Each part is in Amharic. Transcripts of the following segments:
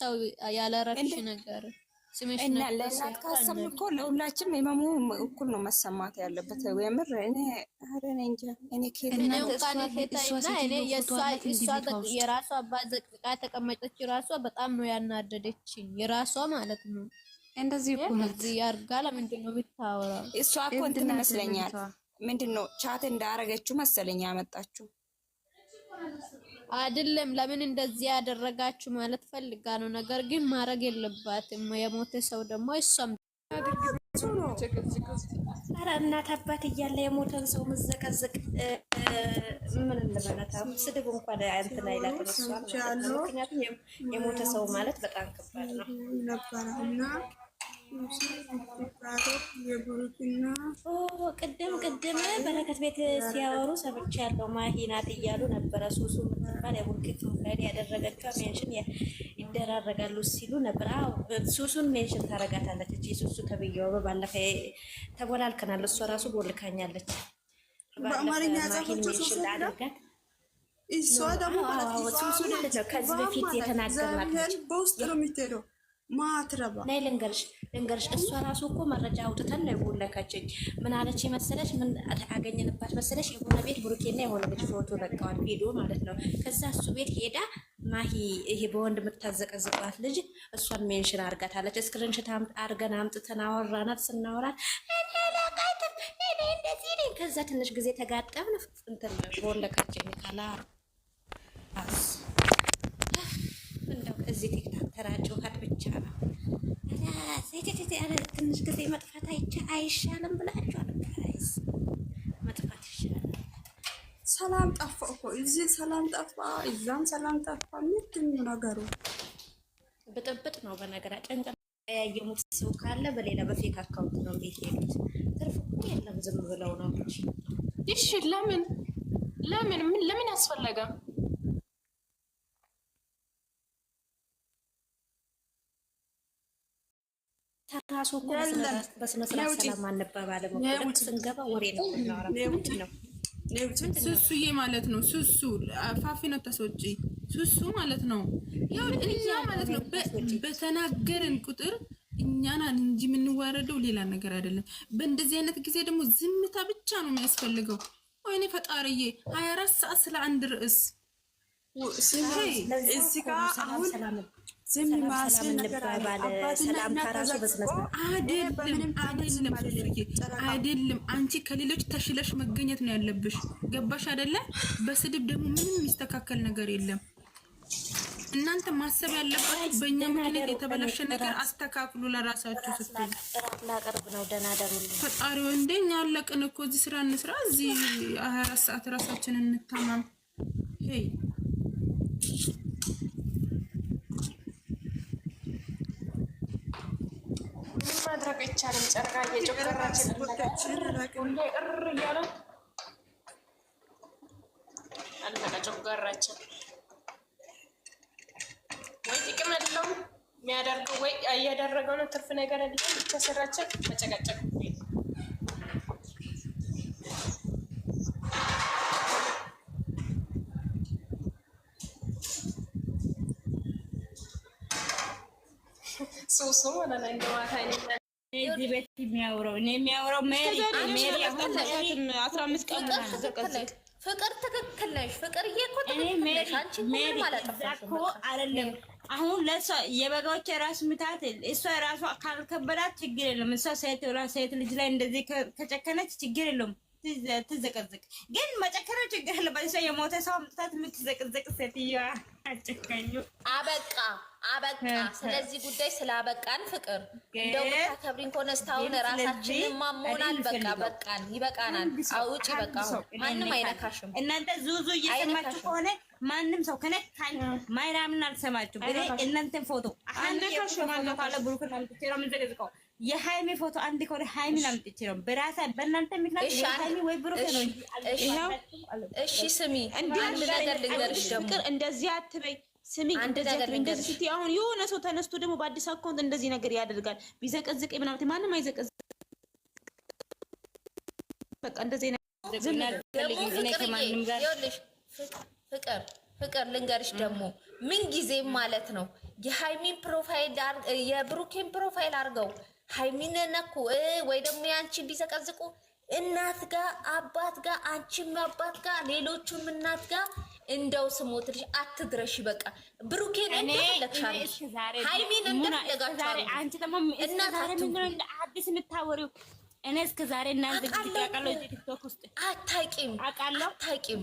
ሰው ያላረፍሽ ነገር እና ለእናት ካሰብን እኮ ለሁላችንም የመሙ እኩል ነው መሰማት ያለበት። የምር እኔ የራሷ አባት ዘቅዝቃ ተቀመጠች። ራሷ በጣም ነው ያናደደችኝ። የራሷ ማለት ነው። እንደዚህ ያርጋ ለምንድን ነው የምታወራው? እሷ እኮ እንትን ይመስለኛል ምንድን ነው ቻት እንዳረገችው መሰለኝ ያመጣችው አይደለም ለምን እንደዚህ ያደረጋችሁ ማለት ፈልጋ ነው። ነገር ግን ማድረግ የለባትም። የሞተ ሰው ደግሞ እሷም ኧረ እናት አባት እያለ የሞተን ሰው መዘቀዘቅ ምን እንበላታም። ስድብ እንኳን እንትን አይላትም። ምክንያቱም የሞተ ሰው ማለት በጣም ከባድ ነው። ቅድም ቅድም በረከት ቤት ሲያወሩ ሰምቻለሁ። ያለው ማሂናት እያሉ ነበረ። ሱሱ የምትባል የቡርኪቱ ላይ ያደረገችው ሜንሽን ይደራረጋሉ ሲሉ ነበር። አዎ ሱሱን ሜንሽን ታረጋታለች እ ሱሱ ተብዬዋ በባለፈ ተቦላልከናል። እሷ ራሱ ቦልካኛለች። በአማርኛ ጻፎች ሱሱ አድርጋት እሷ ደግሞ ማለት ነው ከዚህ በፊት የተናገርናት በውስጥ ነው የምትሄደው ማትረባ ናይ ልንገርሽ ልንገርሽ እሷ ራሱ እኮ መረጃ አውጥተን ነው የቦለከችኝ። ምን አለች መሰለሽ? ምን አገኘንባት መሰለሽ? የሆነ ቤት ብሩኬና የሆነ ልጅ ፎቶ ለቀዋል፣ ቪዲዮ ማለት ነው። ከዛ እሱ ቤት ሄዳ ማሂ፣ ይሄ በወንድ የምታዘቀዝቋት ልጅ እሷን ሜንሽን አርጋታለች። እስክሪንሽት አርገን አምጥተን አወራናት። ስናወራት ከዛ ትንሽ ጊዜ ተጋጠምን። እንትን ቦለከችኝ ካላ እንደው እዚህ ቴክታ ተራጭኋት ብቻ ነው። ትንሽ ጊዜ መጥፋት አይሻልም ብላችኋል። መጥፋት ይሻላል። ሰላም ጠፋ እኮ እዚህ ሰላም ጠፋ፣ እዛም ሰላም ጠፋ። ምንድን ነው ነገሩ? ብጥብጥ ነው። በነገራ ጨንቀ ያየሙት ሰው ካለ በሌላ በፌክ አካውንት ነው ቤት ትርፍ የለም ዝም ብለው ነው። እሺ ለምን ለምን ለምን አስፈለገ? ተራሱ እኮ በስነ ስርዓት ሰላም አንባባልም። ስንገባ ወሬ ነው ነው ሱሱዬ ማለት ነው። ሱሱ ፋፊ ነው ተሰጪ ሱሱ ማለት ነው። ያው እኛ ማለት ነው በተናገረን ቁጥር እኛና እንጂ የምንዋረደው ሌላ ነገር አይደለም። በእንደዚህ አይነት ጊዜ ደግሞ ዝምታ ብቻ ነው የሚያስፈልገው። ወይኔ ፈጣሪዬ፣ ሀያ አራት ሰዓት ስለ አንድ ርዕስ እዚህ ጋር አሁን ዝም አይደለም። አንቺ ከሌሎች ተሽለሽ መገኘት ነው ያለብሽ። ገባሽ አይደለ? በስድብ ደግሞ ምንም የሚስተካከል ነገር የለም። እናንተ ማሰብ ያለባችሁ በእኛ ምክንያት የተበላሸ ነገር አስተካክሉ። ለራሳችሁ ስትል ፈጣሪው እንደኛ አለቅን እኮ እዚህ ስራ እንስራ፣ እዚህ አራት ሰዓት ራሳችንን እንታማም። ማድረግ አይቻልም። ጨራ እየጨበራችን እር እያለ አለቀ ጨጓራችን። ወይ ጥቅም የለውም የሚያደርገው ወይ እያደረገው ነው። ትርፍ ነገር የለም። ብቻ መጨቃጨቅ ሱሱ ማለት ነው እንደማታ እዚህ ቤት የሚያወራው እኔ የሚያወራው ሜሪ ሜሪ አስራ አምስት ቀን ፍቅር ትክክል ነሽ። ፍቅር እየኮ ትክክል አይደለም። አሁን ለእሷ የበጋዎች የራሱ ምታት እሷ የራሷ ካልከበዳት ችግር የለም። እሷ ሴት ሴት ልጅ ላይ እንደዚህ ከጨከነች ችግር የለውም። ትዘቀዝቅ ግን መጨከረ ችግር አለበት። እሷ የሞተ ሰው ምታት የምትዘቅዘቅ ሴትዮዋ አጨካኙ አበቃ። አበቃ። ስለዚህ ጉዳይ ስላበቃን ፍቅር እንደው ከብሪን ኮነስታውን ራሳችን ማሞናል። በቃ በቃን፣ ይበቃናል። አውጭ በቃ። ማንም አይነካሽም። እናንተ ዙዙ እየሰማችሁ ከሆነ ማንም ሰው ከነ ማይራምን አልሰማችሁም። እኔ እናንተን ፎቶ የሃይሚ ፎቶ አንድ ከሆነ ሃይሚን አምጥቼ ነው በራሳ በእናንተ ምክንያት ሃይሚ ወይ ብሩክ ነው። እሺ ስሚ፣ አንድ ነገር ልንገርሽ ፍቅር እንደዚህ አትበይ ስሚ እንደዚህ ስትይ አሁን የሆነ ሰው ተነስቶ ደግሞ በአዲስ አካውንት እንደዚህ ነገር ያደርጋል ቢዘቀዝቅ ምናምን ማንም አይዘቀዝቅ። በቃ እንደዚህ ፍቅር ፍቅር ልንገርሽ ደግሞ ምን ጊዜም ማለት ነው የሃይሚን ፕሮፋይል የብሩኬን ፕሮፋይል አድርገው ሃይሚን ነኩ ወይ ደግሞ ያንቺን ቢዘቀዝቁ እናት ጋር አባት ጋር አንቺም አባት ጋር ሌሎቹም እናት ጋር እንደው ልጅ አትድረሽ። በቃ ብሩኬን እንደፈለግሻለሽ፣ አንቺ ደግሞ አዲስ የምታወሪው እኔ እስከ ዛሬ እናንተ ቲክቶክ ውስጥ አታቂም አቃለሁ አታቂም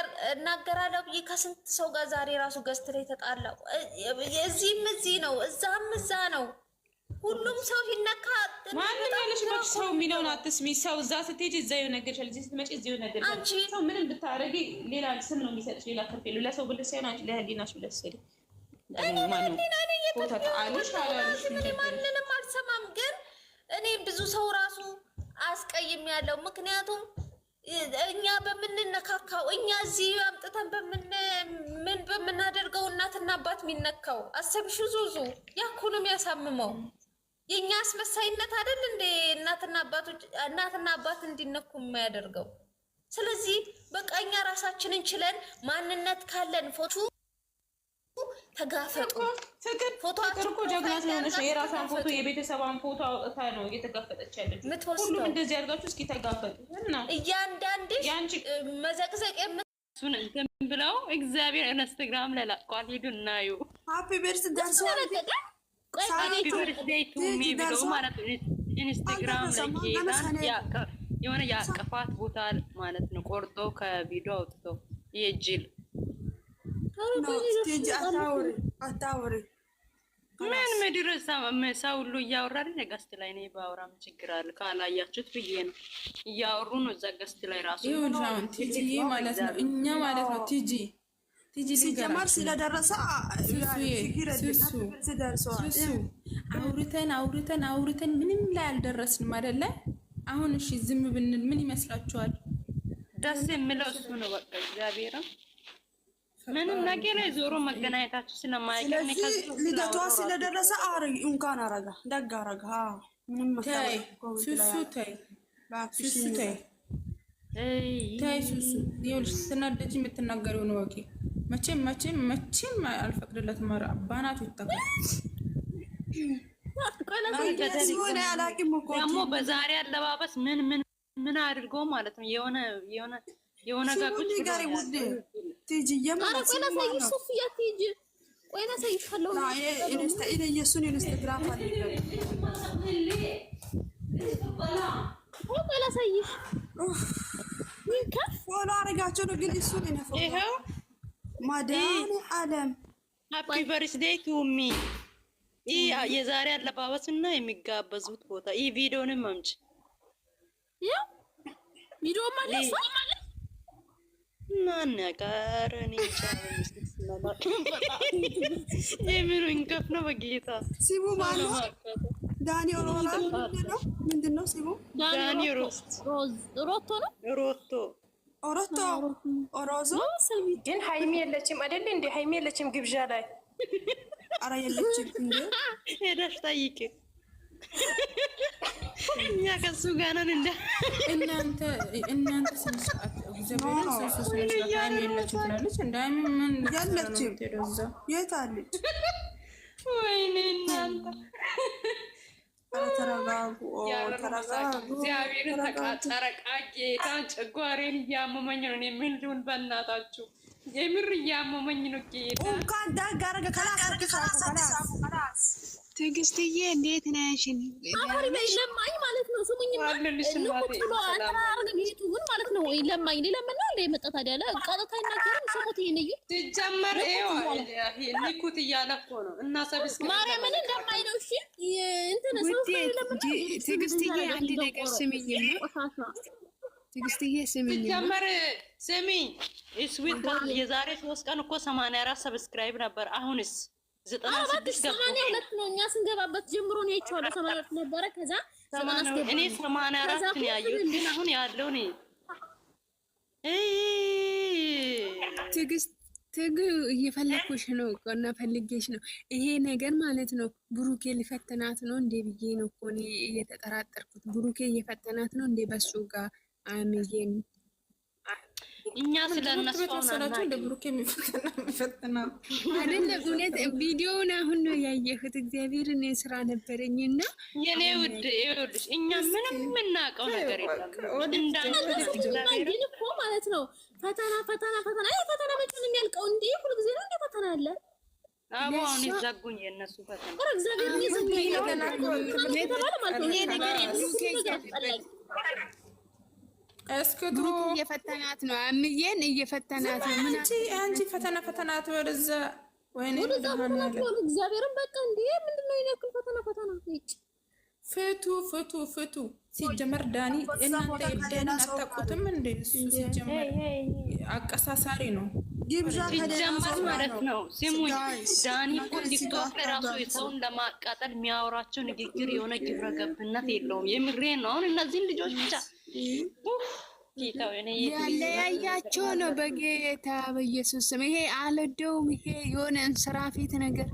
ነገር እናገራለሁ ብዬ ከስንት ሰው ጋር ዛሬ ራሱ ገዝት ላይ ተጣላሁ። እዚህም እዚህ ነው፣ እዛም እዛ ነው። ሁሉም ሰው ሲነካ ማንም ያለሽ ያለሽባች ሰው የሚለውን አትስሚ። ሰው እዛ ስትሄጂ እዛ የሆነ ነገር ይችላል፣ እዚህ ስትመጪ እዚህ የሆነ ነገር አንቺ ሰው ምንም ብታረጊ ሌላ ስም ነው የሚሰጥሽ፣ ሌላ ከፍ የለው። ለሰው ብለሽ ሳይሆን አንቺ ለህሊናሽ ብለሽ ስል ማንንም አልሰማም። ግን እኔ ብዙ ሰው ራሱ አስቀይም ያለው ምክንያቱም እኛ በምንነካካው እኛ እዚህ አምጥተን ምን በምናደርገው እናትና አባት የሚነካው አሰብሹ ዙዙ ያኩንም ያሳምመው የእኛ አስመሳይነት አይደል እንደ እናትና አባት እንዲነኩ የማያደርገው። ስለዚህ በቃ እኛ ራሳችንን ችለን ማንነት ካለን ፎቱ ተጋፈጡ። ፍቅር እኮ ጀግና ስለሆነች ነው። የራሷን ፎቶ የቤተሰቧን ፎቶ አውጥታ ነው እየተጋፈጠች ያለች። ሁሉም እንደዚህ አድርጋችሁ እስኪ ተጋፈጡ። እያንዳንድሽ መዘቅዘቅ እሱን እንትን ብለው እግዚአብሔር ኢንስታግራም ላይ ለቋል። ሂዱ እናዩ። ሃፒ በርስ ዳንስ የሆነ የአቀፋት ቦታ ማለት ነው ቆርጦ ከቪዲዮ አውጥቶ ይጅል ምን ምድር ሰው ሁሉ እያወራ አይደል? ገስት ላይ እኔ ባወራም ችግር አለ ካላያችሁት ብዬ ነው። እያወሩ ነው እዛ ገስት ላይ ራሱ እኛ ማለት ነው። ቲጂ ቲጂ ሲጀመር ስለደረሰ አውርተን አውርተን አውርተን ምንም ላይ አልደረስንም አይደለ? አሁን እሺ ዝም ብንል ምን ይመስላችኋል? ደስ የምለው እሱ ነው። በቃ እግዚአብሔርም ምንም ነገር ዞሮ መገናኘታችሁ ስለማይቀር ልደቷ ስለደረሰ እንኳን አረጋ ደግ አረጋ። ምንም ስትናደጂ የምትናገሪው ነው። ወቂ መቼም መቼም መቼም ደግሞ በዛሬ አለባበስ ምን ምን ምን ማለት ነው የሆነ የሆነ የሆነ ጋር تيجي يا أنا كوينا سيجي صوفيا تيجي كوينا سيجي خلوه لا إيه، إنستا إذا يسون إنستغرام هو كوينا سيجي من كف ولا رجعت له قل يسون هنا فوق إيه هو عالم إيه. هابي بيرث طيب. داي تو مي إيه يا زاري አለባበስና የሚጋበዙት ቦታ ይህ ቪዲዮንም አምጪ ያ ቪዲዮ ማለት ማን ያውቃል? እኔ የምኑ ነው። በጌታ ሲቡ ማነው? ዳኒ ሮዛ ምንድን ነው ሲቡ? ዳኒ ሮቶ ነው። ሮቶ ኦሮቶ ኦሮዞ ግን ሀይሚ የለችም አይደል? እንደ ሀይሚ የለችም ግብዣ ላይ አረ የለችም። እንደ ሄደሽ ጠይቂ። እኛ ከሱ ጋር ነን። እንደ እናንተ እናንተ ስንት የለችም። የት አለች? ወይኔ እናንተ እግዚአብሔር ተቃጠረ። ቃጌታ ጨጓራዬን እያመመኝ ነው። የምልውን በእናታችሁ የምር እያመመኝ ነው። ጌታ ትዕግስትዬ እንዴት ነሽ? ለማኝ ማለት ነው። ስሙኝ ሁን ማለት ነው። ወይ ለማኝ ሊለምን ነው እንደ የመጣ ታዲያ ለቃጠታ ይናገርም ስሙት። ይንዩ እዩ ሲጀመር ኒኩት እያለ እኮ ነው እና ሰብስ ማርያምን ለማኝ ነው። እሺ እንትን ትዕግስትዬ አንድ ነገር ስምኝ ትግስትዬ ስሚኝ ጀመር ስሚኝ ስዊት የዛሬ ሶስት ቀን እኮ ሰማንያ አራት ሰብስክራይብ ነበር። አሁንስ ሰማንያ ሁለት ነው። እኛ ስንገባበት ጀምሮ ነው አይቼዋለሁ። ሰማንያ ሁለት ነበረ። ከዛ እኔ ሰማንያ አራት ነው ያየሁት፣ ግን አሁን ያለው እኔ ትዕግስት ትግ እየፈለኩሽ ነው እና ፈልጌሽ ነው። ይሄ ነገር ማለት ነው ብሩኬ ሊፈተናት ነው እንዴ ብዬ ነው እኮ እኔ እየተጠራጠርኩት። ብሩኬ እየፈተናት ነው እንዴ በሱ ጋር አምዬም እኛ ስለነሱ ሆናናቸው እንደ ብሩክ የሚፈተና የሚፈተና እውነት ቪዲዮውን አሁን ነው ያየሁት። እግዚአብሔር እኔ ስራ ነበረኝ እና የኔ ውድ ይኸውልሽ፣ እኛ ምንም የምናውቀው ነገር የለም እንዳንግን እኮ ማለት ነው። ፈተና ፈተና ፈተና ይ ፈተና መቼ ነው የሚያልቀው? እንዲ ሁሉ ጊዜ ነው እንደ ፈተና ያለ አሁን ይዘጉኝ የእነሱ ፈተና ነገር እስክትሩ እየፈተናት ነው። አምዬን እየፈተናት ነው። ምን አንቺ አንቺ ፈተና ፈተናት ትወርዘ ወይኔ እግዚአብሔርን በቃ እንዴ! ምንድን ነው ይነኩል ፈተና ፈተና እጭ ፍቱ ፍቱ ፍቱ። ሲጀመር ዳኒ እናንተ ደን አታውቁትም እንዴ? እሱ ሲጀመር አቀሳሳሪ ነው ሲጀመር ማለት ነው። ስሙኝ ዳኒ እኮ ቲክቶክ ራሱ ሰውን ለማቃጠል የሚያወራቸው ንግግር የሆነ ግብረ ገብነት የለውም። የምሬ ነው። አሁን እነዚህን ልጆች ብቻ ያለያያቸው ነው። በጌታ በኢየሱስ ስም ይሄ አልወደውም። ይሄ የሆነ ፊት ነገር